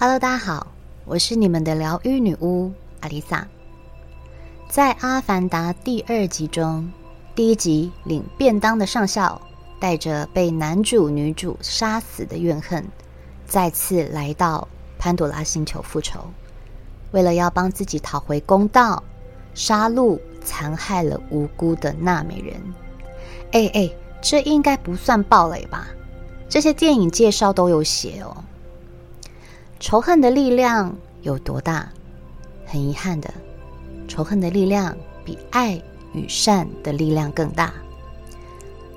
哈嘍大家好，我是你們的療癒女巫阿莉薩。在《阿凡達》第二集中，第一集領便當的上校帶着被男主女主殺死的怨恨，再次來到潘朵拉星球復仇，為了要幫自己討回公道，殺戮殘害了無辜的納美人。誒、欸、誒、欸、這應該不算爆雷吧？這些電影介紹都有寫哦。仇恨的力量有多大？很遺憾的，仇恨的力量比愛與善的力量更大。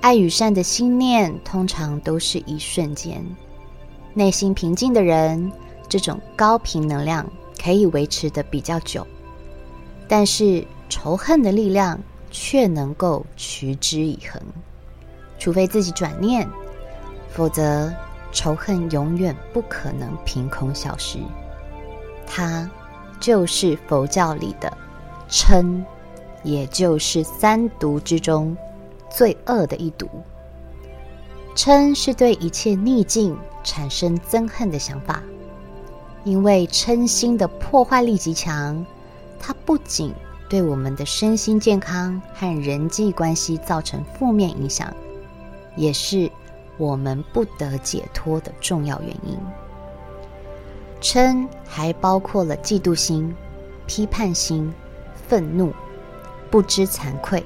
愛與善的心念通常都是一瞬間，內心平靜的人，這種高頻能量可以維持得比較久。但是仇恨的力量卻能夠持之以恆，除非自己轉念，否則。仇恨永遠不可能憑空消失，它就是佛教裡的嗔，也就是三毒之中最惡的一毒。嗔是對一切逆境產生憎恨的想法，因為嗔心的破壞力極強，它不僅對我們的身心健康和人際關係造成負面影響，也是。我們不得解脫的重要原因，嗔還包括了嫉妒心、批判心、憤怒、不知慚愧。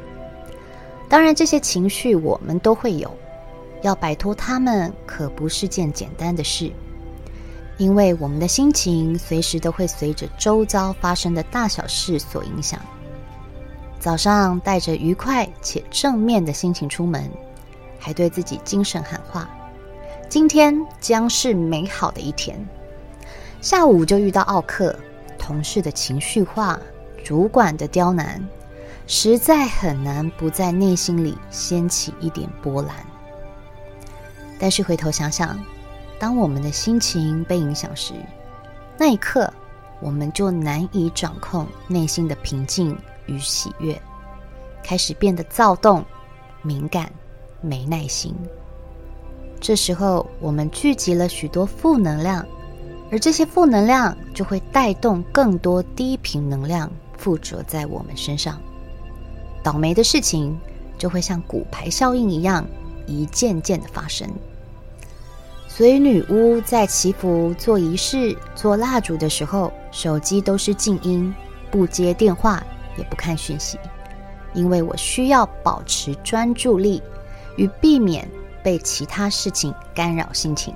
當然，這些情緒我們都會有，要擺脫它們可不是件簡單的事，因為我們的心情隨時都會隨着周遭發生的大小事所影響。早上帶着愉快且正面的心情出門。還對自己精神喊話：“今天將是美好的一天。”下午就遇到奧客、同事的情緒化、主管的刁難，實在很難不在內心裡掀起一點波瀾。但是回頭想想，當我們的心情被影響時，那一刻我們就難以掌控內心的平靜與喜悅，開始變得躁動、敏感。沒耐心，這時候我們聚集了許多負能量，而這些負能量就會帶動更多低頻能量附着在我們身上，倒霉的事情就會像骨牌效應一樣一件件的發生。所以女巫在祈福、做儀式、做蠟燭的時候，手機都是靜音，不接電話，也不看訊息，因為我需要保持專注力，與避免被其他事情干擾心情。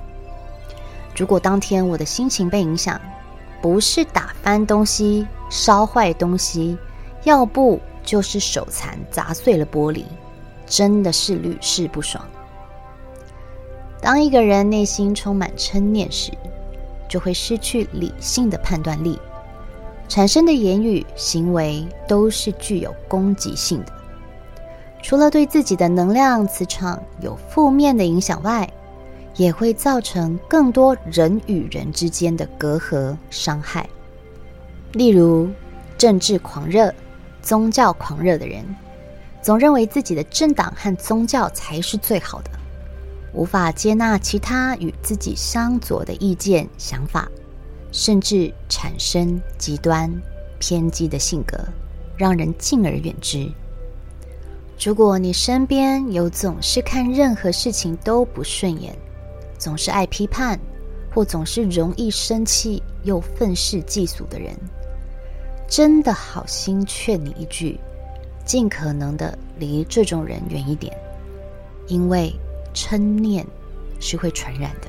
如果當天我的心情被影響，不是打翻東西、燒壞東西，要不就是手殘砸碎了玻璃，真的是屢試不爽。當一個人內心充滿嗔念時，就會失去理性的判斷力，產生的言語行為都是具有攻擊性的。除了對自己的能量磁場有負面的影響外，也會造成更多人與人之間的隔閡傷害。例如，政治狂熱、宗教狂熱的人，總認為自己的政黨和宗教才是最好的，無法接納其他與自己相左的意見、想法，甚至產生極端、偏激的性格，讓人敬而遠之。如果你身邊有總是看任何事情都不順眼，總是愛批判，或總是容易生氣又憤世嫉俗的人，真的好心勸你一句：盡可能的離這種人遠一點，因為嗔念是會傳染的。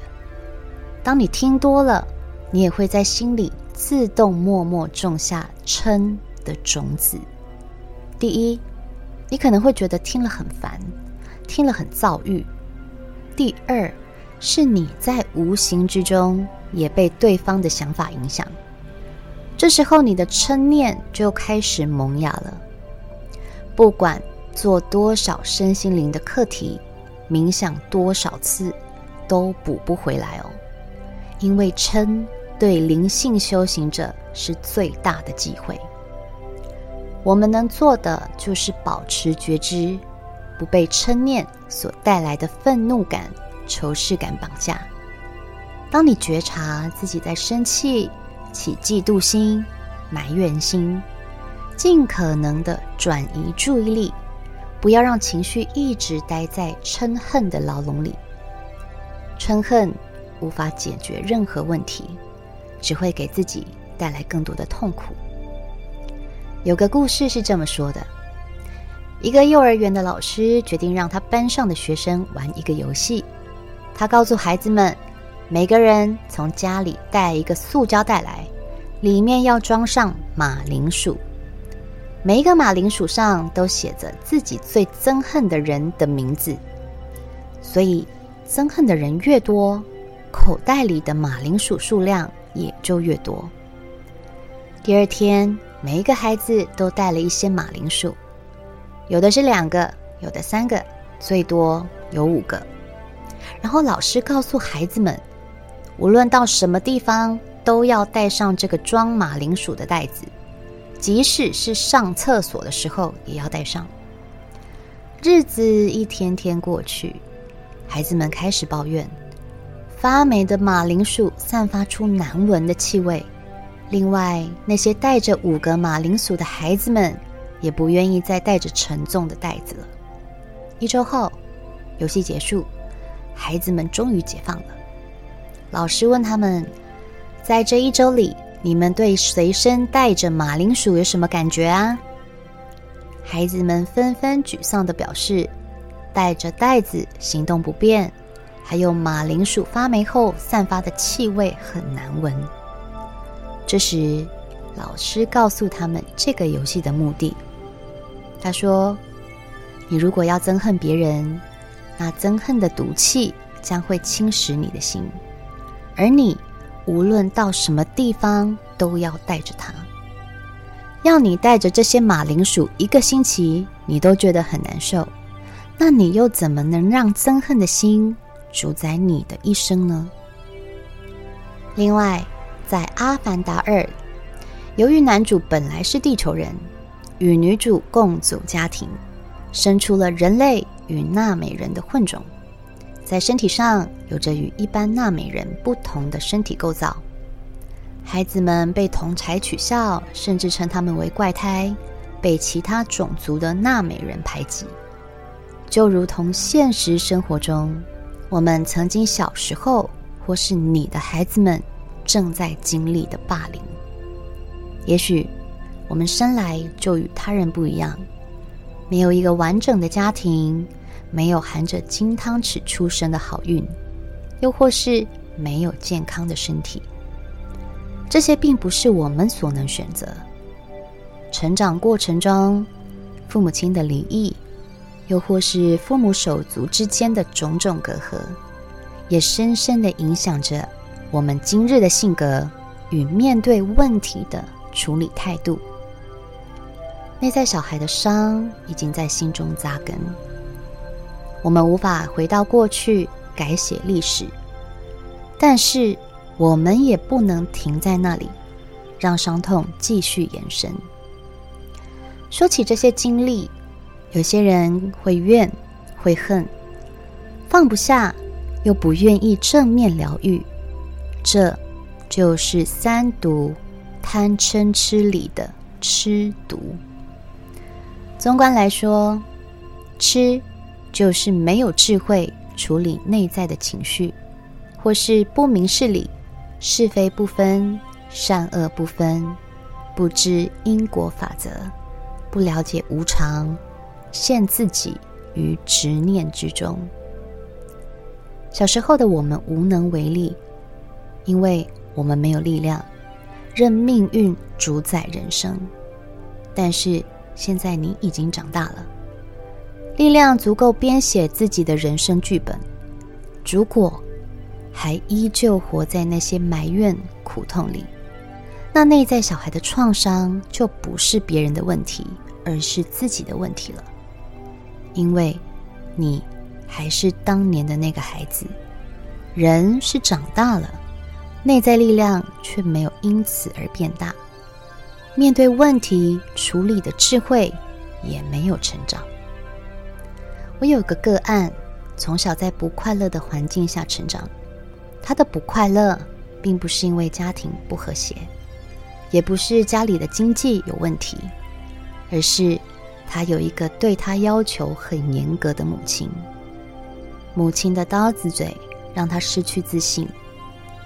當你聽多了，你也會在心裡自動默默種下嗔的種子。第一，你可能會覺得聽了很煩，聽了很躁鬱。第二，是你在無形之中也被對方的想法影響，這時候你的嗔念就開始萌芽了。不管做多少身心靈的課題，冥想多少次，都補不回來哦，因為嗔對靈性修行者是最大的忌諱。我們能做的就是保持覺知，不被嗔念所帶來的憤怒感、仇視感綁架。當你覺察自己在生氣、起嫉妒心、埋怨心，盡可能的轉移注意力，不要讓情緒一直待在嗔恨的牢籠裡。嗔恨無法解決任何問題，只會給自己帶來更多的痛苦。有個故事是這麼說的：一個幼兒園的老師決定讓他班上的學生玩一個遊戲。他告訴孩子們，每個人從家裡帶一個塑膠袋來，裡面要裝上馬鈴薯。每一個馬鈴薯上都寫着自己最憎恨的人的名字，所以憎恨的人越多，口袋裡的馬鈴薯數量也就越多。第二天，每一個孩子都帶了一些馬鈴薯，有的是兩個，有的三個，最多有五個。然後老師告訴孩子們，無論到什麼地方都要帶上這個裝馬鈴薯的袋子，即使是上廁所的時候也要帶上。日子一天天過去，孩子們開始抱怨，發霉的馬鈴薯散發出難聞的氣味。另外，那些帶着五個馬鈴薯的孩子們，也不願意再帶着沉重的袋子了。一周後，遊戲結束，孩子們終於解放了。老師問他們：“在這一周裡，你們對隨身帶着馬鈴薯有什麼感覺啊？”孩子們紛紛沮喪地表示：“帶着袋子行動不便，還有馬鈴薯發霉後散發的氣味很難聞。”這時，老師告訴他們這個遊戲的目的。他說：“你如果要憎恨別人，那憎恨的毒氣將會侵蝕你的心，而你無論到什麼地方都要帶着它。要你帶着這些馬鈴薯一個星期，你都覺得很難受，那你又怎麼能讓憎恨的心主宰你的一生呢？”另外，在《阿凡達二》，由於男主本來是地球人，與女主共組家庭，生出了人類與納美人的混種，在身體上有着與一般納美人不同的身體構造。孩子們被同儕取笑，甚至稱他們為怪胎，被其他種族的納美人排擠，就如同現實生活中，我們曾經小時候，或是你的孩子們。正在經歷的霸凌。也許我們生來就與他人不一樣，沒有一個完整的家庭，沒有含着金湯匙出生的好運，又或是沒有健康的身體，這些並不是我們所能選擇。成長過程中，父母親的離異，又或是父母手足之間的種種隔閡，也深深的影響着。我們今日的性格與面對問題的處理態度，內在小孩的傷已經在心中紮根。我們無法回到過去改寫歷史，但是我們也不能停在那裡，讓傷痛繼續延伸。說起這些經歷，有些人會怨會恨，放不下又不願意正面療癒。這，就是三毒，貪嗔痴裡的痴毒。綜觀來說，痴就是沒有智慧處理內在的情緒，或是不明事理，是非不分，善惡不分，不知因果法則，不了解無常，陷自己於執念之中。小時候的我們無能為力。因為我們沒有力量，任命運主宰人生。但是現在你已經長大了，力量足夠編寫自己的人生劇本。如果還依舊活在那些埋怨苦痛裡，那內在小孩的創傷就不是別人的問題，而是自己的問題了。因為你還是當年的那個孩子，人是長大了，內在力量卻沒有因此而變大，面對問題處理的智慧也沒有成長，我有個個案，從小在不快樂的環境下成長，他的不快樂並不是因為家庭不和諧，也不是家裡的經濟有問題，而是他有一個對他要求很嚴格的母親，母親的刀子嘴讓他失去自信。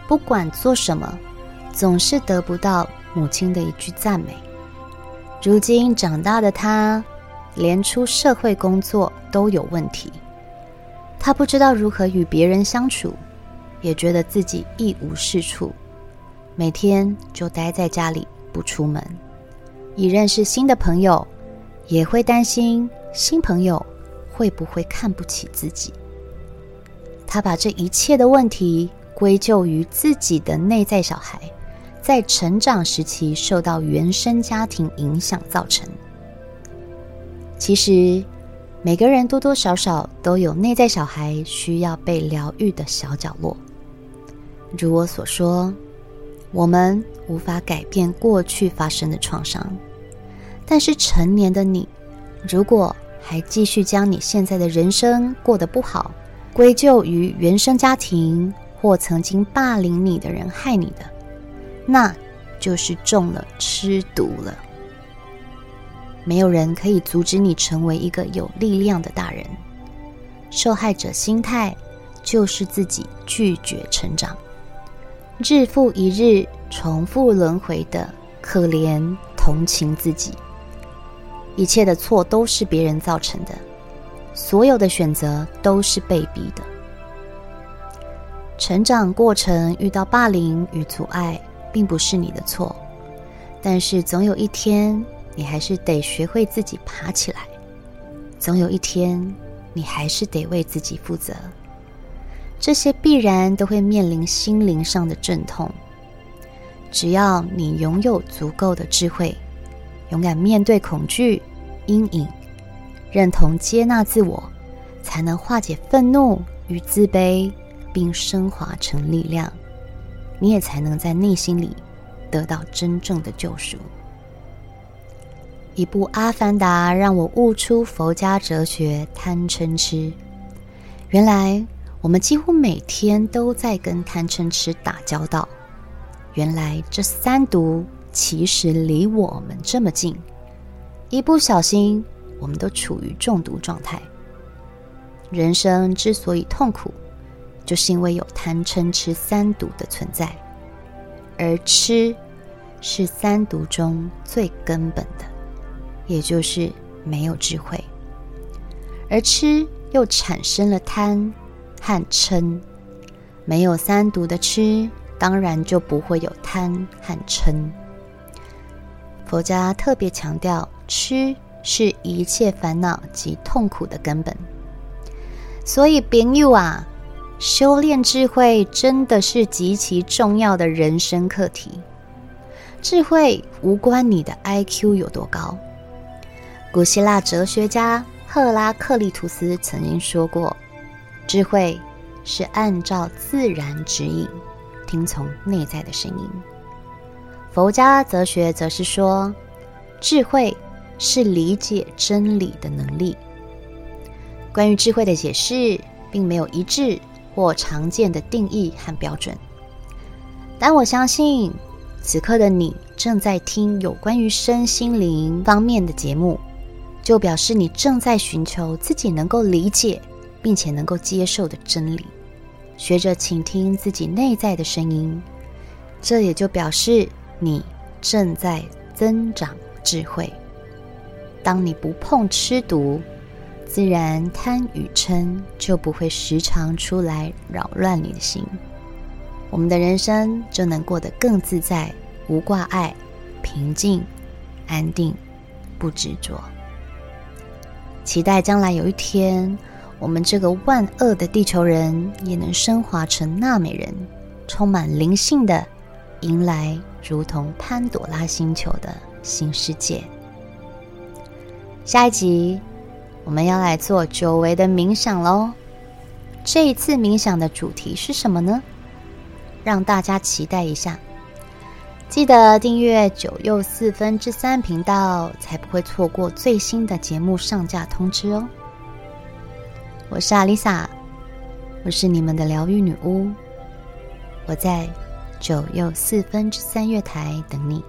不管做什麼，總是得不到母親的一句讚美。如今長大的他，連出社會工作都有問題。他不知道如何與別人相處，也覺得自己一無是處，每天就待在家裡不出門。一認識新的朋友，也會擔心新朋友會不會看不起自己。他把這一切的問題，歸咎於自己的內在小孩，在成長時期受到原生家庭影響造成。其實每個人多多少少都有內在小孩需要被療癒的小角落。如我所說，我們無法改變過去發生的創傷，但是成年的你，如果還繼續將你現在的人生過得不好，歸咎於原生家庭，或曾經霸凌你的人害你的，那就是中了癡毒了。沒有人可以阻止你成為一個有力量的大人。受害者心態就是自己拒絕成長，日復一日重複輪迴的可憐同情自己。一切的錯都是別人造成的，所有的選擇都是被逼的。成長過程遇到霸凌與阻礙，並不是你的錯。但是總有一天，你還是得學會自己爬起來；總有一天，你還是得為自己負責。這些必然都會面臨心靈上的陣痛。只要你擁有足夠的智慧，勇敢面對恐懼、陰影、認同、接納自我，才能化解憤怒與自卑。並昇華成力量，你也才能在內心裡得到真正的救贖。一部《阿凡達》讓我悟出佛家哲學貪嗔癡。原來我們幾乎每天都在跟貪嗔癡打交道。原來這三毒其實離我們這麼近，一不小心，我們都處於中毒狀態。人生之所以痛苦，就是因為有貪、嗔、癡三毒的存在，而癡是三毒中最根本的，也就是沒有智慧。而癡又產生了貪和嗔，沒有三毒的癡，當然就不會有貪和嗔。佛家特別強調，癡是一切煩惱及痛苦的根本，所以病友啊。修煉智慧真的是極其重要的人生課題。智慧無關你的 IQ 有多高。古希臘哲學家赫拉克利圖斯曾經說過：“智慧是按照自然指引，聽從內在的聲音。”佛家哲學則是說，智慧是理解真理的能力。關於智慧的解釋並沒有一致。或常見的定義和標準，但我相信，此刻的你正在聽有關於身心靈方面的節目，就表示你正在尋求自己能夠理解並且能夠接受的真理，學着傾聽自己內在的聲音，這也就表示你正在增長智慧。當你不碰癡毒。自然貪與嗔就不會時常出來擾亂你的心，我們的人生就能過得更自在，無掛礙、平靜、安定、不執着。期待將來有一天，我們這個萬惡的地球人也能升華成納美人，充滿靈性的，迎來如同潘朵拉星球的新世界。下一集，我們要來做久違的冥想嘍！這一次冥想的主題是什麼呢？讓大家期待一下。記得訂閱“九又四分之三”頻道，才不會錯過最新的節目上架通知哦。我是阿麗薩，我是你們的療癒女巫，我在“九又四分之三”月台等你。